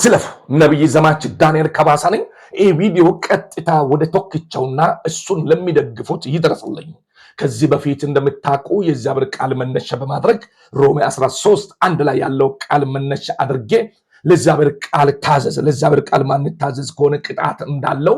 አትለፉ። ነቢይ ዘማች ዳንኤል ከባሳ ነኝ። ይህ ቪዲዮ ቀጥታ ወደ ቶክቸውና እሱን ለሚደግፉት ይደረሰለኝ። ከዚህ በፊት እንደምታውቁ የእግዚአብሔር ቃል መነሻ በማድረግ ሮሜ 13 አንድ ላይ ያለው ቃል መነሻ አድርጌ ለእግዚአብሔር ቃል ታዘዝ፣ ለእግዚአብሔር ቃል ማንታዘዝ ከሆነ ቅጣት እንዳለው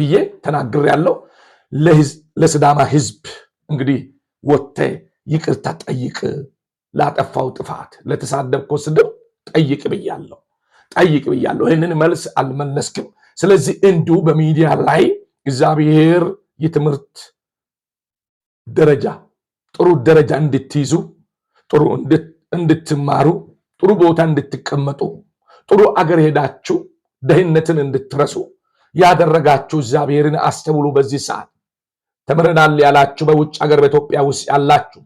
ብዬ ያለው ለስዳማ ህዝብ እንግዲህ ወጥተ ይቅርታ ጠይቅ፣ ላጠፋው ጥፋት፣ ለተሳደብከው ስድብ ጠይቅ ብያለሁ። ጠይቅ ብያለሁ። ይህንን መልስ አልመለስክም። ስለዚህ እንዲሁ በሚዲያ ላይ እግዚአብሔር የትምህርት ደረጃ ጥሩ ደረጃ እንድትይዙ ጥሩ እንድትማሩ ጥሩ ቦታ እንድትቀመጡ ጥሩ አገር ሄዳችሁ ደህንነትን እንድትረሱ ያደረጋችሁ እግዚአብሔርን አስተውሉ። በዚህ ሰዓት ተምረናል ያላችሁ በውጭ ሀገር በኢትዮጵያ ውስጥ ያላችሁ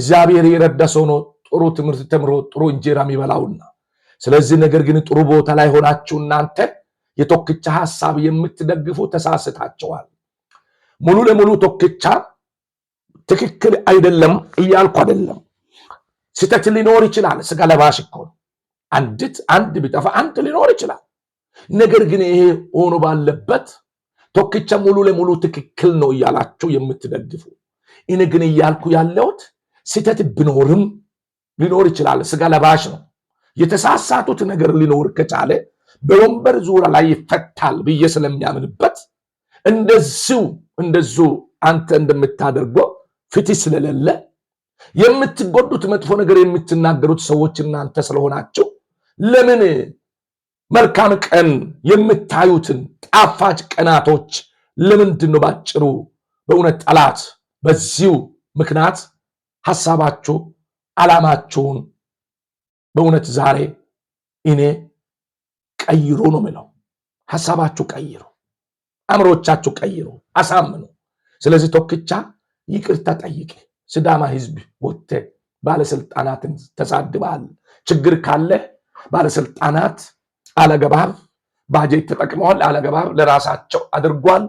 እግዚአብሔር የረዳ ሰው ነው ጥሩ ትምህርት ተምሮ ጥሩ እንጀራ የሚበላውና ስለዚህ ነገር ግን ጥሩ ቦታ ላይ ሆናችሁ እናንተ የቶክቻ ሀሳብ የምትደግፉ ተሳስታችኋል። ሙሉ ለሙሉ ቶክቻ ትክክል አይደለም እያልኩ አይደለም። ስህተት ሊኖር ይችላል። ስጋ ለባሽ እኮ አንዲት አንድ ቢጠፋ አንድ ሊኖር ይችላል። ነገር ግን ይሄ ሆኖ ባለበት ቶክቻ ሙሉ ለሙሉ ትክክል ነው እያላችሁ የምትደግፉ እኔ ግን እያልኩ ያለሁት ስህተት ቢኖርም ሊኖር ይችላል። ስጋ ለባሽ ነው። የተሳሳቱት ነገር ሊኖር ከቻለ በወንበር ዙሪያ ላይ ይፈታል ብዬ ስለሚያምንበት እንደዚሁ እንደዙ አንተ እንደምታደርገው ፍትህ ስለሌለ የምትጎዱት መጥፎ ነገር የምትናገሩት ሰዎች እናንተ ስለሆናችሁ ለምን መልካም ቀን የምታዩትን ጣፋጭ ቀናቶች ለምንድን ነው ባጭሩ በእውነት ጠላት በዚሁ ምክንያት ሀሳባችሁ ዓላማችሁን በእውነት ዛሬ እኔ ቀይሩ ነው ምለው። ሀሳባችሁ ቀይሩ፣ አእምሮቻችሁ ቀይሩ፣ አሳምኑ። ስለዚህ ቶክቻ ይቅርታ ጠይቄ ስዳማ ህዝብ ወጥቴ ባለስልጣናትን ተሳድበሃል፣ ችግር ካለ ባለስልጣናት አለገባብ ባጀት ተጠቅመዋል፣ አለገባብ ለራሳቸው አድርጓል፣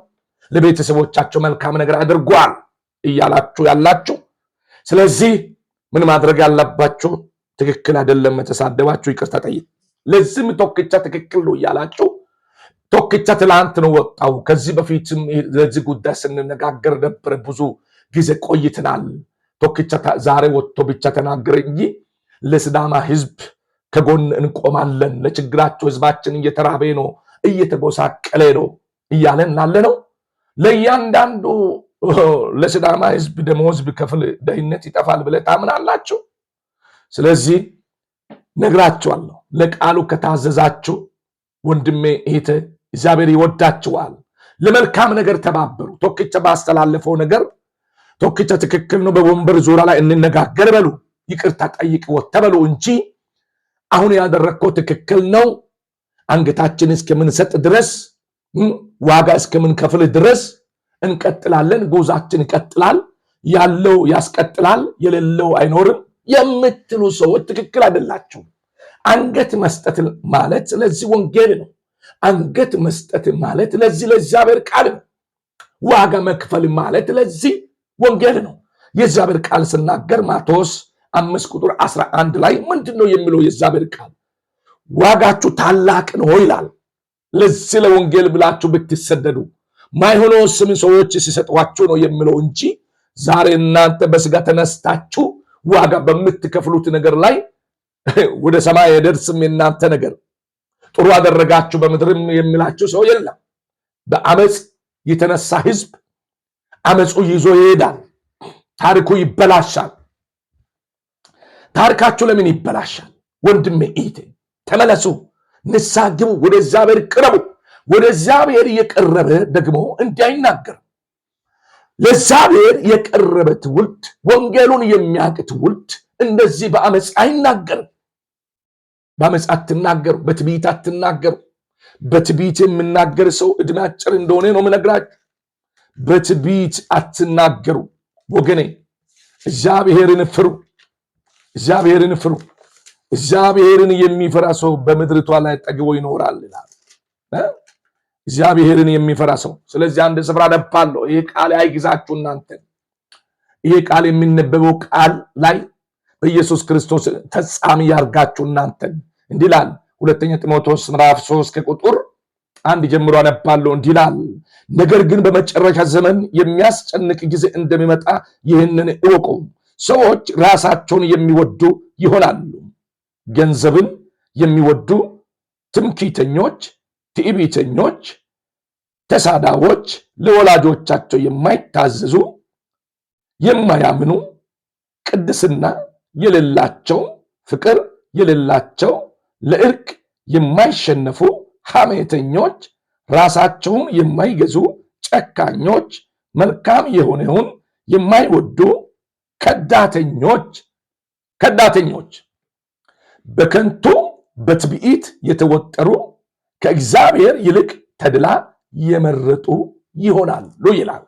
ለቤተሰቦቻቸው መልካም ነገር አድርጓል እያላችሁ ያላችሁ፣ ስለዚህ ምን ማድረግ ያለባችሁ ትክክል አይደለም፣ የተሳደባችሁ ይቅርታ ጠይቅ። ለዚህም ቶክቻ ትክክል ነው እያላችሁ ቶክቻ ትላንት ነው ወጣው። ከዚህ በፊትም ለዚህ ጉዳይ ስንነጋገር ነበረ፣ ብዙ ጊዜ ቆይትናል። ቶክቻ ዛሬ ወጥቶ ብቻ ተናገረ እንጂ ለስዳማ ህዝብ ከጎን እንቆማለን፣ ለችግራቸው ህዝባችን እየተራበ ነው፣ እየተጎሳቀለ ነው እያለን እናለ ነው። ለእያንዳንዱ ለስዳማ ህዝብ ደሞዝ ብከፍል ድህነት ይጠፋል ብለ ታምናላችሁ? ስለዚህ ነግራችኋለሁ፣ ለቃሉ ከታዘዛችሁ ወንድሜ እህት እግዚአብሔር ይወዳችኋል። ለመልካም ነገር ተባበሩ። ቶክቸ ባስተላለፈው ነገር ቶክቸ ትክክል ነው። በወንበር ዙሪያ ላይ እንነጋገር በሉ፣ ይቅርታ ጠይቅ ተበሉ እንጂ አሁን ያደረግከው ትክክል ነው። አንገታችን እስከምንሰጥ ድረስ ዋጋ እስከምንከፍል ድረስ እንቀጥላለን። ጉዛችን ይቀጥላል። ያለው ያስቀጥላል፣ የሌለው አይኖርም። የምትሉ ሰዎች ትክክል አይደላችሁ። አንገት መስጠት ማለት ለዚህ ወንጌል ነው። አንገት መስጠት ማለት ለዚህ ለእግዚአብሔር ቃል ነው። ዋጋ መክፈል ማለት ለዚህ ወንጌል ነው። የእግዚአብሔር ቃል ስናገር ማቴዎስ አምስት ቁጥር አስራ አንድ ላይ ምንድን ነው የሚለው? የእግዚአብሔር ቃል ዋጋችሁ ታላቅ ነው ይላል። ለዚህ ለወንጌል ብላችሁ ብትሰደዱ ማይሆኖ ስም ሰዎች ሲሰጧችሁ ነው የሚለው እንጂ ዛሬ እናንተ በስጋ ተነስታችሁ ዋጋ በምትከፍሉት ነገር ላይ ወደ ሰማይ አይደርስም የእናንተ ነገር። ጥሩ አደረጋችሁ በምድርም የሚላችሁ ሰው የለም። በአመፅ የተነሳ ህዝብ አመፁ ይዞ ይሄዳል። ታሪኩ ይበላሻል። ታሪካችሁ ለምን ይበላሻል? ወንድሜ እህቴ፣ ተመለሱ፣ ንሳ ግቡ፣ ወደ እግዚአብሔር ቅረቡ። ወደ እግዚአብሔር እየቀረበ ደግሞ አይናገር ለእግዚአብሔር የቀረበ ትውልድ፣ ወንጌሉን የሚያውቅ ትውልድ እንደዚህ በአመፅ አይናገርም። በአመፅ አትናገሩ፣ በትቢት አትናገሩ። በትቢት የምናገር ሰው እድሜ አጭር እንደሆነ ነው የምነግራችሁ። በትቢት አትናገሩ ወገኔ። እግዚአብሔርን ፍሩ፣ እግዚአብሔርን ፍሩ። እግዚአብሔርን የሚፈራ ሰው በምድርቷ ላይ ጠግቦ ይኖራል ይላል። እግዚአብሔርን የሚፈራ ሰው። ስለዚህ አንድ ስፍራ አነባለሁ። ይህ ቃል አይግዛችሁ እናንተ። ይህ ቃል የሚነበበው ቃል ላይ በኢየሱስ ክርስቶስ ተጻሚ ያርጋችሁ እናንተን። እንዲህ ይላል ሁለተኛ ጢሞቴዎስ ምዕራፍ ሶስት ከቁጥር አንድ ጀምሮ አነባለሁ። እንዲህ ይላል ነገር ግን በመጨረሻ ዘመን የሚያስጨንቅ ጊዜ እንደሚመጣ ይህንን እወቁ። ሰዎች ራሳቸውን የሚወዱ ይሆናሉ፣ ገንዘብን የሚወዱ፣ ትምክህተኞች ትዕቢተኞች፣ ተሳዳቦች፣ ለወላጆቻቸው የማይታዘዙ፣ የማያምኑ፣ ቅድስና የሌላቸው፣ ፍቅር የሌላቸው፣ ለእርቅ የማይሸነፉ፣ ሐሜተኞች፣ ራሳቸውን የማይገዙ፣ ጨካኞች፣ መልካም የሆነውን የማይወዱ፣ ከዳተኞች ከዳተኞች በከንቱ በትዕቢት የተወጠሩ ከእግዚአብሔር ይልቅ ተድላ የመረጡ ይሆናሉ ይላል።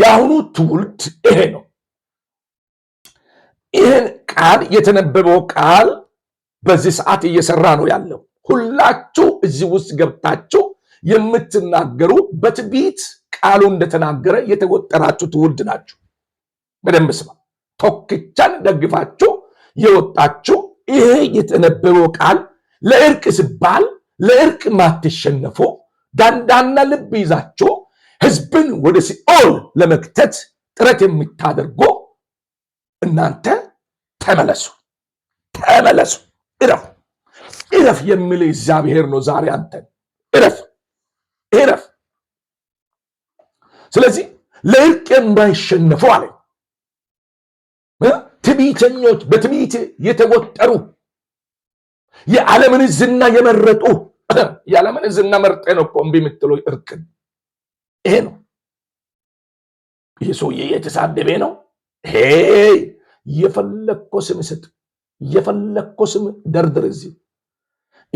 የአሁኑ ትውልድ ይሄ ነው። ይህን ቃል የተነበበው ቃል በዚህ ሰዓት እየሰራ ነው ያለው። ሁላችሁ እዚህ ውስጥ ገብታችሁ የምትናገሩ በትቢት ቃሉ እንደተናገረ የተወጠራችሁ ትውልድ ናችሁ። በደንብ ስማ። ቶክቻን ደግፋችሁ የወጣችሁ ይሄ የተነበበው ቃል ለእርቅ ሲባል ለእርቅ ማትሸነፉ ዳንዳና ልብ ይዛችሁ ህዝብን ወደ ሲኦል ለመክተት ጥረት የምታደርጉ እናንተ ተመለሱ፣ ተመለሱ፣ እረፍ፣ እረፍ የሚል እግዚአብሔር ነው። ዛሬ አንተን እረፍ፣ እረፍ። ስለዚህ ለእርቅ የማይሸነፉ አለ ትዕቢተኞች፣ በትዕቢት የተወጠሩ የዓለምን ዝና የመረጡ ያለምን ዝና መርጤ ነው እኮ እምቢ የምትለው እርቅን። ይሄ ነው ይህ ሰውዬ የተሳደበ ነው። ሄይ የፈለግኮ ስም ስጥ፣ የፈለግኮ ስም ደርድር። እዚህ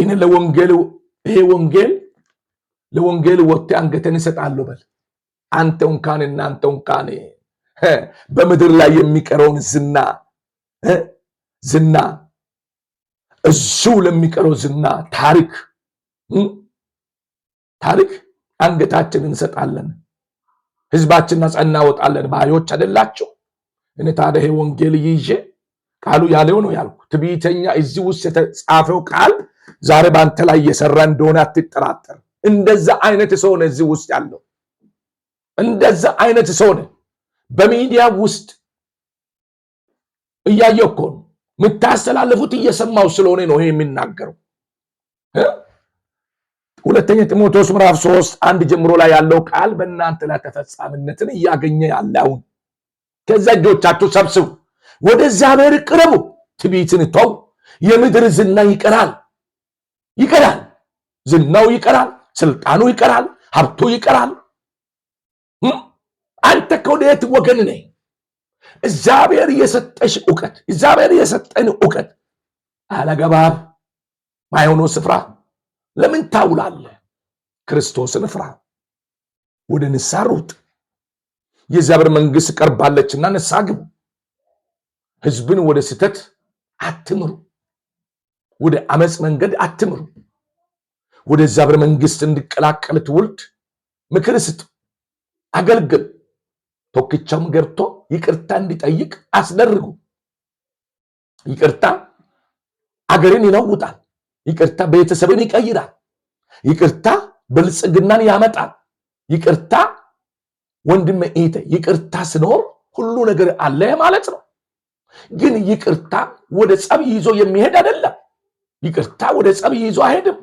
እኔ ለወንጌል ይሄ ወንጌል ለወንጌል ወጥቴ አንገተን እሰጣለሁ በል አንተ እንኳን እናንተ እንኳን በምድር ላይ የሚቀረውን ዝና ዝና እሱ ለሚቀረው ዝና ታሪክ ታሪክ አንገታችን እንሰጣለን፣ ህዝባችን ነጻ እናወጣለን ባዮች አይደላቸው። እኔ ታዲያ ይሄ ወንጌል ይዤ ቃሉ ያለው ነው ያልኩ። ትዕቢተኛ እዚህ ውስጥ የተጻፈው ቃል ዛሬ በአንተ ላይ እየሰራ እንደሆነ አትጠራጠር። እንደዛ አይነት ሰው ነው እዚህ ውስጥ ያለው፣ እንደዛ አይነት ሰው ነው። በሚዲያ ውስጥ እያየኮን ነው እየሰማው ስለሆነ ነው ይሄ የሚናገረው። ሁለተኛ ጢሞቴዎስ ምዕራፍ ሶስት አንድ ጀምሮ ላይ ያለው ቃል በእናንተ ላይ ተፈጻሚነትን እያገኘ ያለውን ከዛ እጆቻችሁ ሰብስቡ፣ ወደ እግዚአብሔር ቅረቡ፣ ትቢትን ተው። የምድር ዝና ይቀራል፣ ይቀራል፣ ዝናው ይቀራል፣ ስልጣኑ ይቀራል፣ ሀብቱ ይቀራል። አንተ ከወደየት ወገን ነህ? እግዚአብሔር የሰጠሽ እውቀት፣ እግዚአብሔር የሰጠን እውቀት አለገባብ ማይሆኖ ስፍራ ታውላለህ። ክርስቶስን ፍራ። ወደ ንስሐ ሩጥ። የእግዚአብሔር መንግስት ቀርባለችና ንስሐ ግቡ። ህዝብን ወደ ስህተት አትምሩ። ወደ አመፅ መንገድ አትምሩ። ወደ እግዚአብሔር መንግስት እንዲቀላቀል ትውልድ ምክር ስጥ፣ አገልግል። ቶክቻውም ገብቶ ይቅርታ እንዲጠይቅ አስደርጉ። ይቅርታ አገርን ይለውጣል። ይቅርታ ቤተሰብን ይቀይራል። ይቅርታ ብልጽግናን ያመጣል። ይቅርታ ወንድም ኢተ ይቅርታ ስኖር ሁሉ ነገር አለ ማለት ነው። ግን ይቅርታ ወደ ጸብ ይዞ የሚሄድ አይደለም። ይቅርታ ወደ ጸብ ይዞ አይሄድም።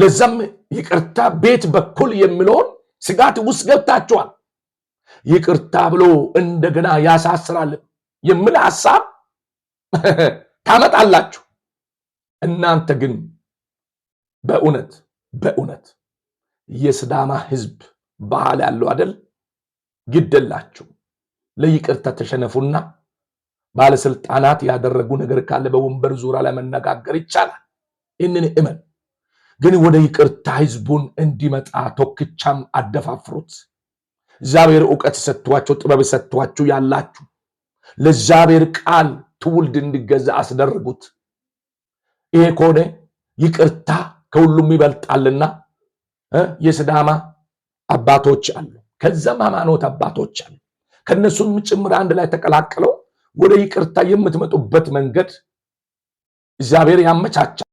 ለዛም ይቅርታ ቤት በኩል የሚለውን ስጋት ውስጥ ገብታችኋል። ይቅርታ ብሎ እንደገና ያሳስራል የሚል ሀሳብ ታመጣላችሁ። እናንተ ግን በእውነት በእውነት የስዳማ ህዝብ ባህል ያለው አደል? ግደላችሁ ለይቅርታ ተሸነፉና ባለስልጣናት ያደረጉ ነገር ካለ በወንበር ዙሪያ ለመነጋገር መነጋገር ይቻላል። ይህንን እመን። ግን ወደ ይቅርታ ህዝቡን እንዲመጣ ቶክቻም አደፋፍሩት። እግዚአብሔር እውቀት ሰጥቷቸው ጥበብ ሰጥቷችሁ ያላችሁ ለእግዚአብሔር ቃል ትውልድ እንዲገዛ አስደርጉት። ይሄ ከሆነ ይቅርታ ከሁሉም ይበልጣልና የስዳማ አባቶች አሉ፣ ከዛም ሃይማኖት አባቶች አሉ። ከእነሱም ጭምር አንድ ላይ ተቀላቅለው ወደ ይቅርታ የምትመጡበት መንገድ እግዚአብሔር ያመቻቻል።